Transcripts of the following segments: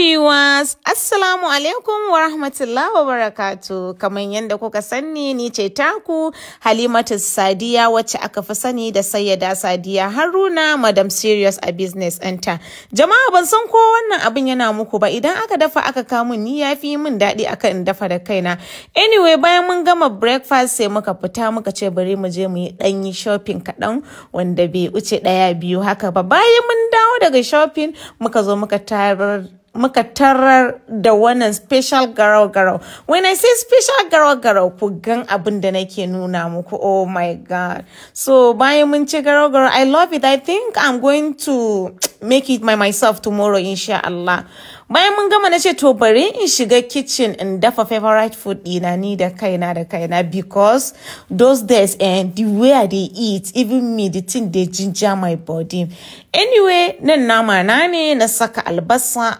viewers, Assalamu alaikum wa rahmatullahi wa barakatu. Kamar yadda kuka sani ni ce taku Halimatu Sadiya wacce aka fi sani da Sayyada Sadiya Haruna Madam Serious a Business Enter. Jama'a ban san ko wannan abin yana muku ba idan aka dafa aka kamu ni ya fi min daɗi aka in dafa da kaina. Anyway bayan mun gama breakfast sai muka fita muka ce bari mu je mu yi ɗanyi shopping kaɗan wanda bai wuce ɗaya biyu haka ba. Bayan mun dawo daga shopping muka zo muka tarar muka tarar da wannan special garau garau when i say special garau garau ku gan abin da nake nuna muku oh my god so bayan mun ci garau garau i love it i think i'm going to make it by myself tomorrow insha Allah bayan mun gama na ce to bari in shiga kitchen in dafa favorite food dina ni da kaina da kaina because those days and eh, the way i dey eat even me the thing dey ginger my body anyway nan nama na ne na saka albasa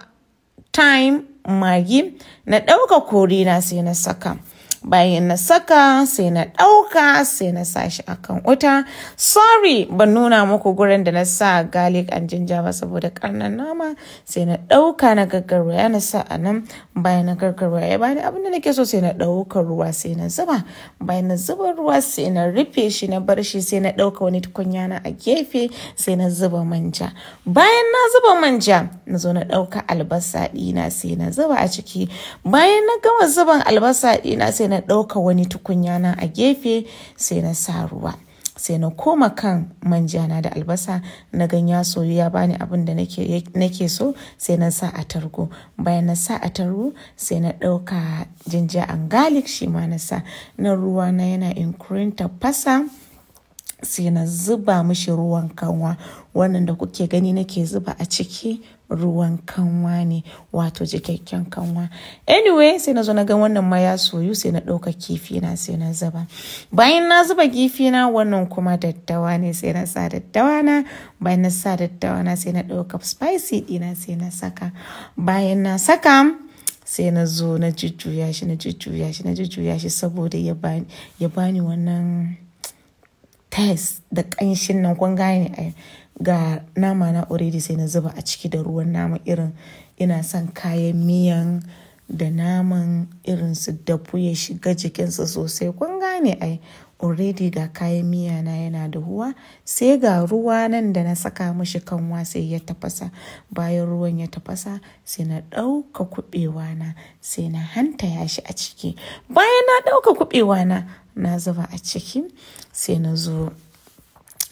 time magi, na ɗauka korina sai na saka. bayan na saka sai na ɗauka sai na sa shi akan wuta sorry ban nuna muku gurin da na sa garlic and ginger ba saboda karnan nama sai na ɗauka na gaggarwaya na sa a nan bayan na gaggarwaya bayan abin da nake so sai na ɗauka ruwa sai na zuba bayan na zuba ruwa sai na rufe shi na bar shi sai na ɗauka wani tukunya na a gefe sai na zuba manja bayan na zuba manja na zo na ɗauka albasa ɗina sai na zuba a ciki bayan na gama zuban albasa ɗina sai na ɗauka wani tukunya na a gefe sai na sa ruwa sai na koma kan manjana da albasa na gan ya soyu ya bani abin da nake so sai na sa a targo bayan na sa a targo sai na ɗauka jinja an garlic shi ma na sa na ruwa na yana inkurin tafasa sai na zuba mishi ruwan kanwa wannan da kuke gani nake zuba a ciki ruwan kanwa ne wato jikakken kanwa anyway sai na zo na ga wannan ma ya soyu sai na ɗauka kifi na sai na zuba bayan na zuba kifi na wannan kuma daddawa ne sai na sa daddawa na bayan na sa daddawa na sai na ɗauka spicy ɗina sai na saka bayan na saka sai na zo na jujjuya shi na jujjuya shi na jujjuya shi saboda ya bani wannan taste da kanshin nan kun gane ga nama na already sai na zuba a ciki da ruwan nama irin ina son kayan miyan da naman irin su dafu ya shiga jikinsa sosai kun gane ai already ga kayan miya na yana dahuwa sai ga ruwa nan da na saka mashi kanwa sai ya tafasa bayan ruwan ya tafasa sai na ɗauka kuɓewa na sai na hanta ya shi a ciki bayan na ɗauka kuɓewa na na zuba a ciki sai na zo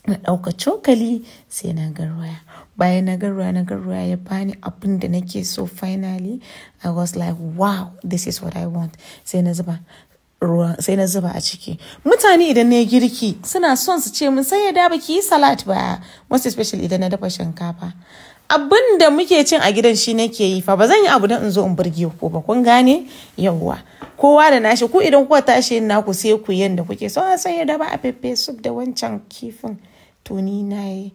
na ɗauka cokali sai na garwaya bayan na garwaya na garwaya ya bani abin da nake so finally i was like wow this is what i want sai na zuba ruwan sai na zuba a ciki mutane idan na girki suna son su ce mun sai ya da baki yi salad ba most especially idan na dafa shinkafa abin da muke cin a gidan shi nake yi fa ba zan yi abu don in zo in burge ku ba kun gane yawwa kowa da nashi ku idan kuka tashi yin naku sai ku yanda kuke so sai ya da a pepe soup da wancan kifin to na yi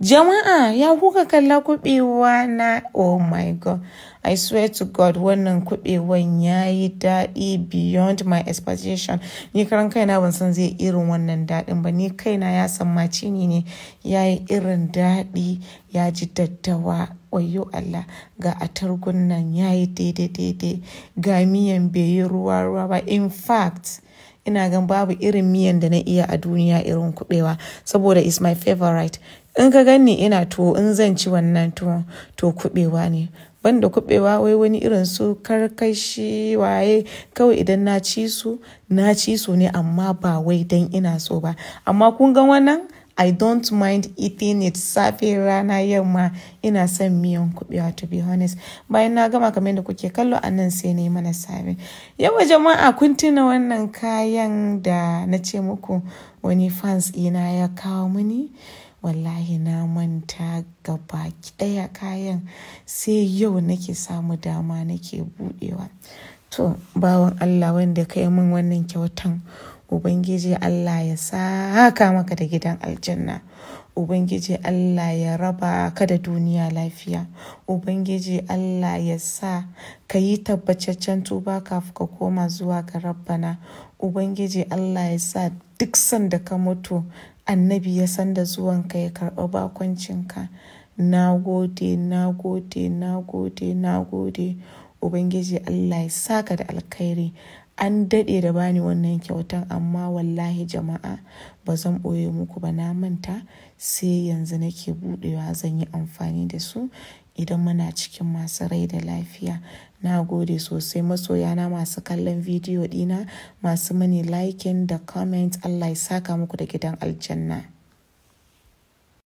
jama'a ya kuka kalla kuɓewana. na oh my god i swear to god wannan kuɓewan ya yi daɗi beyond my expectation ni karan kaina ban san zai irin wannan daɗin ba ni kaina ya san macini ne ya yi irin daɗi ya ji daddawa wayo Allah ga atargun nan ya yi daidai daidai ga miyan bai yi ruwa ruwa ba in fact ina gan babu irin miyan da na iya a duniya irin kubewa saboda is my favorite in ka gani ina tuwo in zan ci wannan tuwon to kubewa ne banda kubewa wai wani irin su karkashi waye kawai idan na ci su na ci su ne amma ba wai dan ina so ba amma kun ga wannan I don't mind eating it safe rana yamma ina son miyan kubewa to be honest bayan na gama kamar da kuke kallo a nan sai na yi mana sabe yawa jama'a kun tuna wannan kayan da na ce muku wani fans ina ya kawo mini wallahi na manta gaba ɗaya kayan sai yau nake samu dama nake buɗewa To, bawan Allah wanda ka yi min wannan kyautan, Ubangiji Allah ya saka maka da gidan aljanna. Ubangiji Allah ya raba ka da duniya lafiya. Ubangiji Allah ya sa ka yi tabbacaccen tuba kafin ka koma zuwa ga rabbana. Ubangiji Allah ya sa duk sanda ka mutu annabi ya san zuwan ka ya karɓi bakoncinka. Na gode, na gode, na gode, na gode. ubangiji allah ya saka da alkhairi an daɗe da bani wannan kyautan amma wallahi jama'a ba zan ɓoye muku ba na manta sai yanzu nake buɗewa zan yi amfani da su idan muna cikin masu rai da lafiya na gode sosai masoya na masu kallon bidiyo dina masu mani liking da comment allah ya saka muku da gidan aljanna